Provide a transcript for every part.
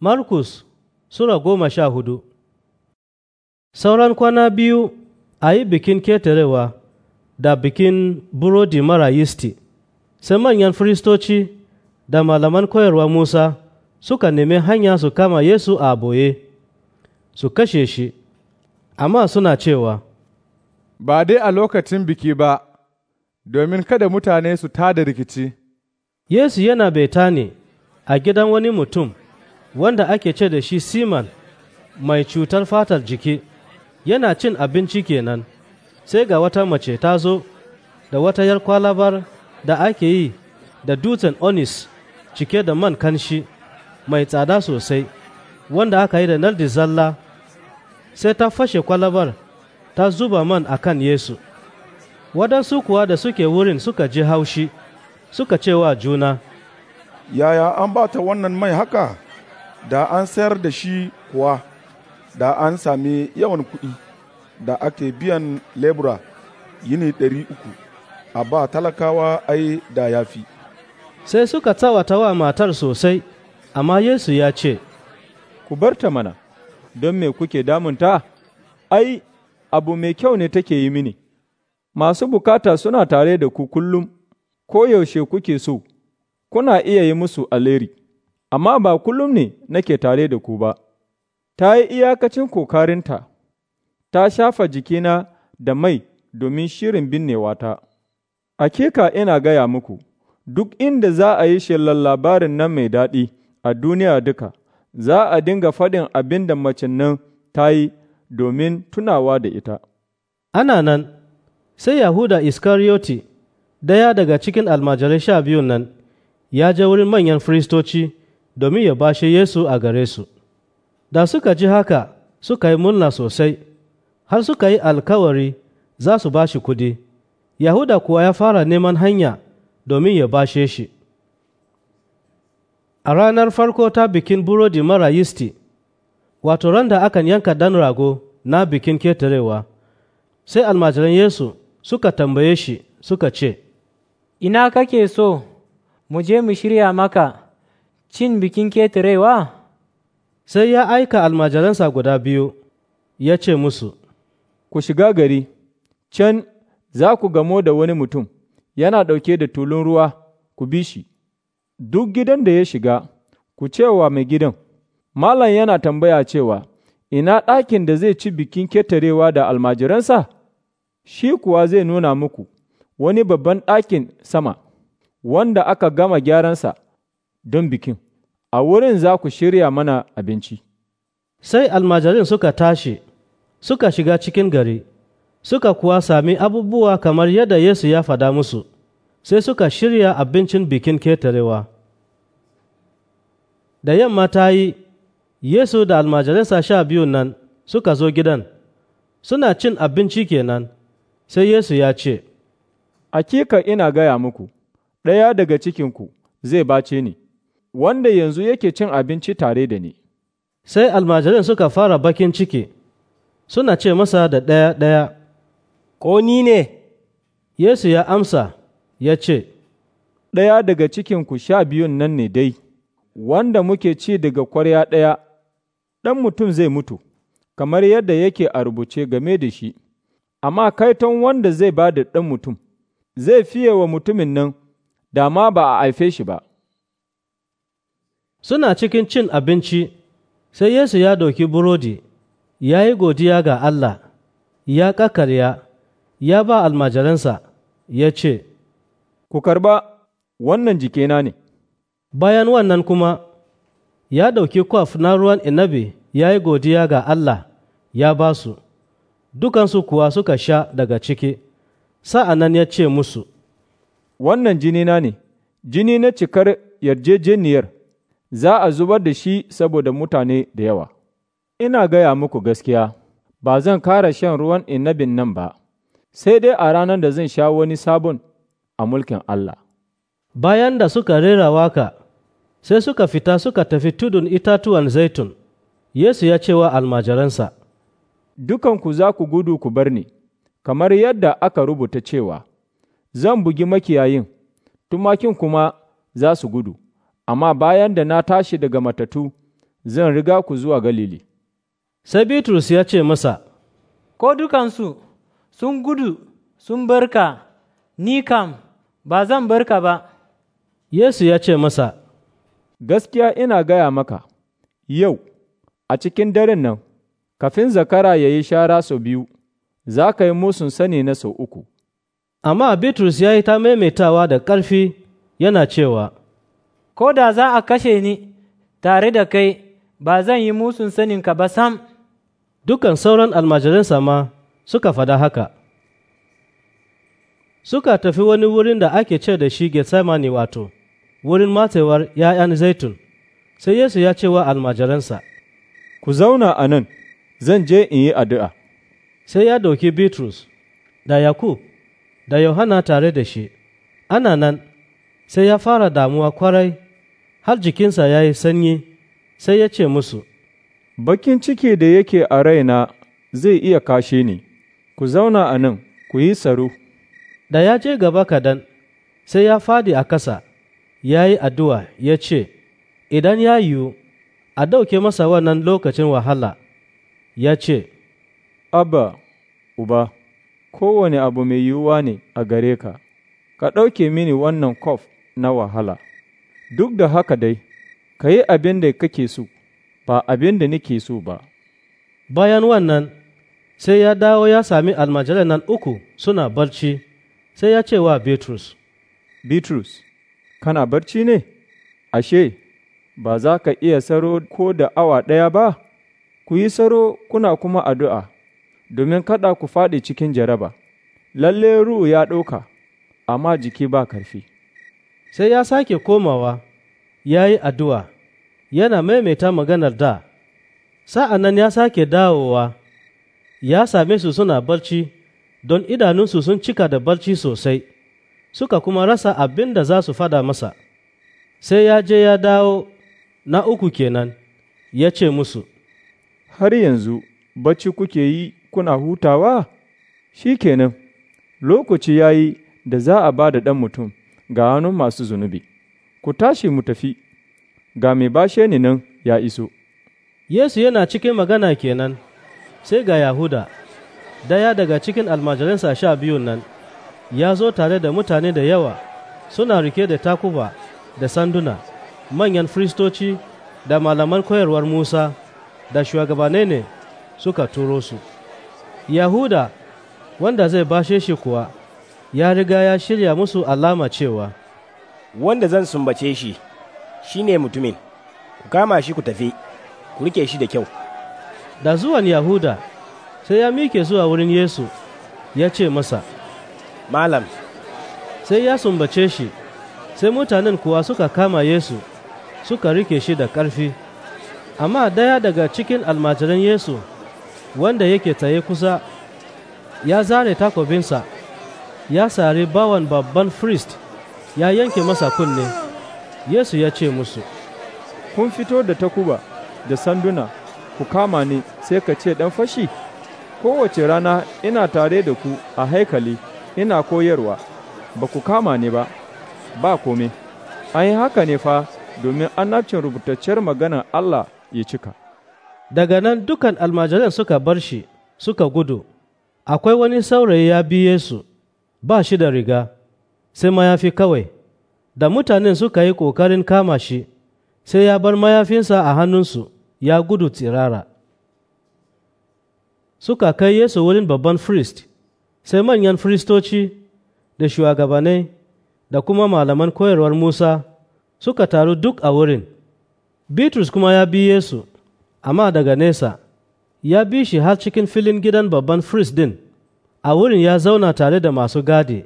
Markus Sura goma sha hudu Sauran kwana biyu a yi bikin ketarewa da bikin burodi mara yisti, sai manyan firistoci da malaman koyarwa Musa suka nemi hanya su kama Yesu a boye, su kashe shi, amma suna cewa, Ba dai a lokacin biki ba, domin kada mutane su tada rikici. Yesu yana beta ne a gidan wani mutum. wanda ake ce da shi siman mai cutar fatar jiki yana cin abinci kenan sai ga wata mace ta zo da wata yar kwalabar da ake yi da dutsen onis cike da man kanshi mai tsada sosai wanda aka yi da naldi zalla sai ta fashe kwalabar ta zuba man a kan yesu waɗansu kuwa da suke wurin suka ji haushi suka cewa juna yaya an ba ta wannan mai haka da an sayar da shi kuwa da an sami yawan kuɗi da ake biyan lebura yini ɗari uku a ba talakawa ai da ya fi sai suka tsawata wa matar sosai amma yesu ya ce ku barta mana don me kuke damunta ai abu mai kyau ne take yi mini masu bukata suna tare da ku kullum Ko yaushe kuke so kuna iya yi musu aleri. amma ba kullum ne nake tare da ku ba, ta yi iyakacin kokarinta, ta shafa jikina da mai domin shirin binnewata. Akeka ina gaya muku, duk inda za a yi shelar labarin nan mai daɗi a duniya duka, za a dinga faɗin abin da macin nan ta yi domin tunawa da ita. Ana nan, sai Yahuda Iskariyoti, ɗaya daga cikin almajirai sha biyun nan, ya je wurin manyan firistoci. domin ya bashe Yesu a gare su. Da suka ji haka suka yi murna sosai, har suka yi alkawari za su bashi kudi, Yahuda kuwa ya fara neman hanya domin ya bashe shi. A ranar farko ta bikin burodi mara yisti, wato ran da akan yanka dan rago na bikin ketarewa, sai almajiran Yesu suka tambaye shi suka ce, Ina kake so, mu je mu shirya maka. cin bikin ketarewa? Sai ya aika almajiransa guda biyu, ya ce musu, Ku shiga gari, can za ku gamo da wani mutum, yana ɗauke da tulun ruwa, ku bi shi, duk gidan da ya shiga, ku cewa mai gidan, Malam yana tambaya cewa, Ina ɗakin da zai ci bikin ketarewa da almajiransa? Shi kuwa zai nuna muku wani babban ɗakin sama, wanda aka gama gyaransa. don bikin, a wurin za ku shirya mana abinci. Sai almajarin suka tashi, suka shiga cikin gari, suka kuwa sami abubuwa kamar yadda Yesu ya fada musu, sai suka shirya abincin bikin ketarewa. Da yamma ta yi, Yesu da almajarinsa sha biyu nan suka zo gidan, suna cin abinci kenan, sai Yesu ya ce, Akika ina gaya muku, ɗaya daga cikinku zai bace ni. wanda yanzu yake cin abinci tare da ni. Sai almajirin suka fara bakin ciki, suna ce masa da ɗaya-ɗaya, Ko ni ne? Yesu ya amsa, ya ce, Ɗaya daga cikinku sha biyun nan ne dai, wanda muke ci daga kwarya ɗaya, ɗan mutum zai mutu, kamar yadda yake a rubuce game da shi, amma kaiton wanda zai ba da ɗan mutum, zai fiye wa mutumin nan, Dama ba a haife shi ba. Suna cikin cin abinci, sai Yesu ya ɗauki burodi, ya yi godiya ga Allah, ya ƙakarya, ya ba almajiransa, ya ce, Ku karba wannan jikena ne. Bayan wannan kuma, ya ɗauki kwaf na ruwan inabi ya yi godiya ga Allah, ya ba su, dukansu kuwa suka sha daga ciki, sa'an nan ya ce musu, Wannan jinina ne, jini na cikar yarjejeniyar. za a zubar da shi saboda mutane da yawa. Ina gaya muku gaskiya, ba zan kara shan ruwan inabin nan ba, sai dai a ranar da zan sha wani sabon a mulkin Allah. Bayan da suka rera waka, sai suka fita suka tafi tudun itatuwan zaitun, Yesu ya ce wa almajiransa, Dukanku za ku gudu ku bar ni, kamar yadda aka rubuta cewa, Zan bugi makiyayin, tumakin kuma za su gudu. amma bayan da na tashi daga matatu zan riga ku zuwa Galili. Sai Bitrus ya ce masa, Ko dukansu sun gudu sun barka, ni kam ba zan barka ba. Yesu ya ce masa, Gaskiya ina gaya maka, yau, a cikin daren nan, kafin zakara ya yi shara sau biyu, za ka yi musun sani na sau uku. Amma Bitrus ya yi ta maimaitawa da ƙarfi yana cewa, ko da za a kashe ni tare da kai ba zan yi musun saninka ba sam. Dukan sauran almajiransa ma suka fada haka. Suka tafi wani wurin da ake ce da shi Getsemani wato, wurin matewar ‘ya'yan zaitun, sai Yesu ya ce wa almajiransa, Ku zauna a nan, zan je in yi addu'a. Sai ya ɗauki Bitrus, da Yakub, da Yohana tare da shi, ana nan, sai ya fara damuwa kwarai har jikinsa ya yi sanyi, sai ya ce musu, Bakin ciki da yake a raina zai iya kashe ni, ku zauna a nan, ku yi saru. Da ya je gaba kadan, sai ya fadi a kasa, ya yi addu'a ya ce, Idan ya yiwu, a ɗauke masa wannan lokacin wahala, ya ce, Abba, Uba, kowane abu mai yiwuwa ne a gare ka, ka ɗauke mini wannan kof na wahala. duk da haka dai, ka yi abin da kake so, ba abin da nake so ba. Bayan wannan, sai ya dawo ya sami almajirai nan uku suna barci, sai ya ce wa Bitrus, Bitrus, kana barci ne? Ashe, ba za ka iya saro ko da awa ɗaya ba? Ku yi saro kuna kuma addu'a, domin kada ku faɗi cikin jaraba. Lalle ruhu ya ɗauka, amma jiki ba karfi. sai ya sake komawa ya yi addu'a yana maimaita maganar da sa'an nan ya sake dawowa ya same su suna barci don idanunsu sun cika da barci sosai suka kuma rasa abin da za su fada masa sai ya je ya dawo na uku kenan ya ce musu har yanzu barci kuke yi kuna hutawa shi kenan lokaci ya yi da za a ba da ɗan mutum ga hannun masu zunubi, ku tashi mu tafi, ga mai bashe ni nan ya iso. Yesu yana cikin magana kenan, sai ga Yahuda, daya daga cikin almajiransa sha biyun nan, ya zo tare da mutane da yawa suna rike da takuba da sanduna, manyan firistoci da malaman koyarwar Musa da shugabane ne suka turo su. Yahuda, wanda zai bashe shi kuwa, ya riga ya shirya musu alama cewa, Wanda zan sumbace shi, shi ne mutumin, ku kama shi ku tafi, ku rike shi da kyau. Da zuwan Yahuda, sai ya mike zuwa wurin Yesu, ya ce masa, Malam, sai ya sumbace shi, sai mutanen kuwa suka kama Yesu, suka rike shi da ƙarfi. Amma daya daga cikin almajiran Yesu, wanda yake tsaye kusa, ya zare takobinsa. ya sari bawan babban frist ya yanke masa kunne yesu ya ce musu kun fito da takuba da sanduna ku kama ni sai ka ce ɗan fashi kowace rana ina tare da ku a haikali ina koyarwa ba ku kama ni ba ba kome an yi haka ne fa domin an annabcin rubutacciyar magana Allah ya cika daga nan dukan almajiran suka bar shi suka gudu akwai wani saurayi ya bi Yesu ba shi da riga sai mayafi kawai da mutanen suka yi ƙoƙarin kama shi sai ya bar mayafinsa a hannunsu ya gudu tsirara suka kai yesu wurin babban frist sai manyan fristoci. da shugabanai da kuma malaman koyarwar musa suka taru duk a wurin bitrus kuma ya bi yesu amma daga nesa ya bi shi har cikin filin gidan babban frist din a wurin ya zauna tare da masu gadi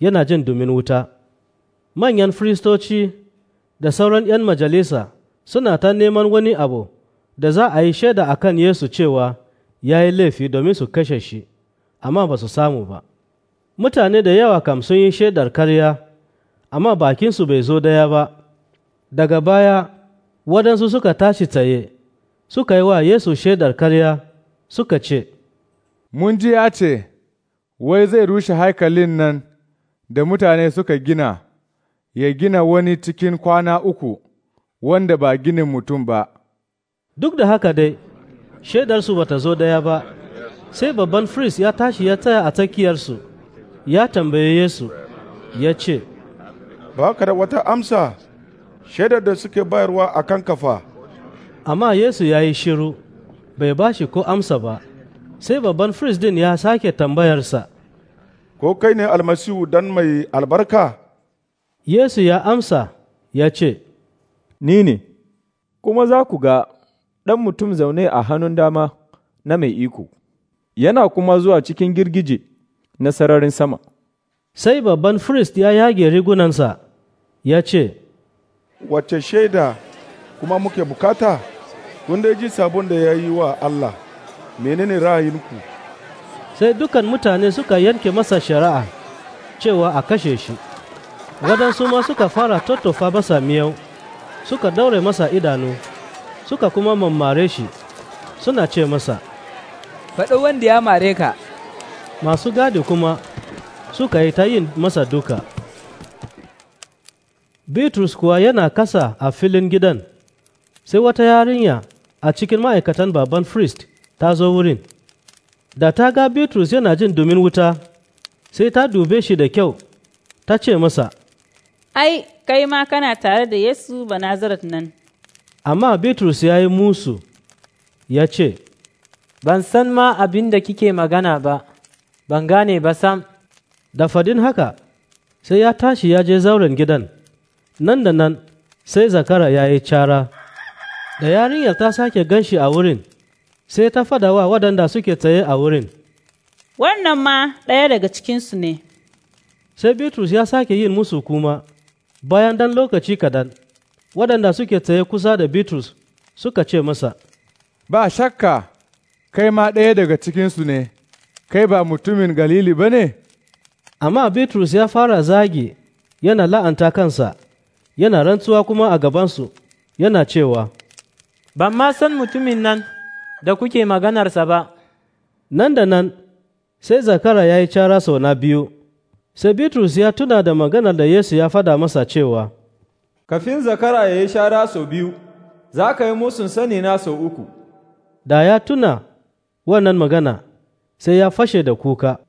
yana jin dumin wuta manyan firistoci da sauran 'yan majalisa suna ta neman wani abu da za a yi shaida a kan yesu cewa ya yi laifi domin su kashe shi amma ba su samu ba mutane da yawa kam sun yi shaidar karya amma bakinsu bai zo daya ba daga baya waɗansu suka tashi tsaye suka yi wa yesu shaidar karya suka ce mun ji ya ce wai zai rushe haikalin nan da mutane suka gina, ya gina wani cikin kwana uku wanda ba ginin mutum ba. Duk da haka dai, shaidarsu bata zo daya ba, sai babban firist ya tashi ya tsaya a tsakiyarsu, ya tambaye Yesu, ya ce, Ba ka da wata amsa, shaidar da suke bayarwa a kan kafa. Amma Yesu ya yi shiru, bai ba shi ko amsa ba. sai babban firist din ya sake tambayarsa ko kai ne almasihu dan mai albarka yesu ya amsa ya ce ni ne kuma za ku ga ɗan mutum zaune a hannun dama na mai iko yana kuma zuwa cikin girgije na sararin sama sai babban firist ya yage rigunansa ya ce wace shaida kuma muke bukata kun ji sabon da ya yi wa allah menene ra'ayinku sai dukan mutane suka yanke masa shari'a cewa a kashe shi waɗansu ma suka fara tattofa masa miyau suka daure masa idanu suka kuma mammare shi suna ce masa faɗo wanda ya mare ka masu gadi kuma suka yi ta yin masa duka bitrus kuwa yana kasa a filin gidan sai wata yarinya a cikin ma'aikatan baban frist ta zo wurin da ta ga Bitrus yana jin domin wuta sai ta dube shi da kyau ta ce masa ai kai ma kana tare da Yesu nazarat nan amma Bitrus ya yi musu ya ce ban san ma abin da kike magana ba ban gane ba sam da fadin haka sai ya tashi ya je zauren gidan nan da nan sai zakara ya yi cara da yarinyar ta sake ganshi a wurin sai ta fada wa waɗanda suke tsaye a wurin. Wannan ma ɗaya daga cikinsu ne. Sai Bitrus ya sake yin musu kuma, bayan dan lokaci kaɗan, waɗanda suke tsaye kusa da Bitrus suka ce masa, Ba shakka, kai ma ɗaya daga cikinsu ne, kai ba mutumin Galili ba ne? Amma Bitrus ya fara zagi yana la'anta kansa, yana rantsuwa kuma a gabansu, yana cewa, Ban ma san mutumin nan. da kuke maganarsa ba. Nan da nan, sai zakara ya yi cara sau na biyu, sai Bitrus ya tuna da maganar da Yesu ya fada masa cewa, Kafin zakara ya yi shara sau biyu, za ka yi musun sani na sau uku. Da ya tuna wannan magana, sai ya fashe da kuka.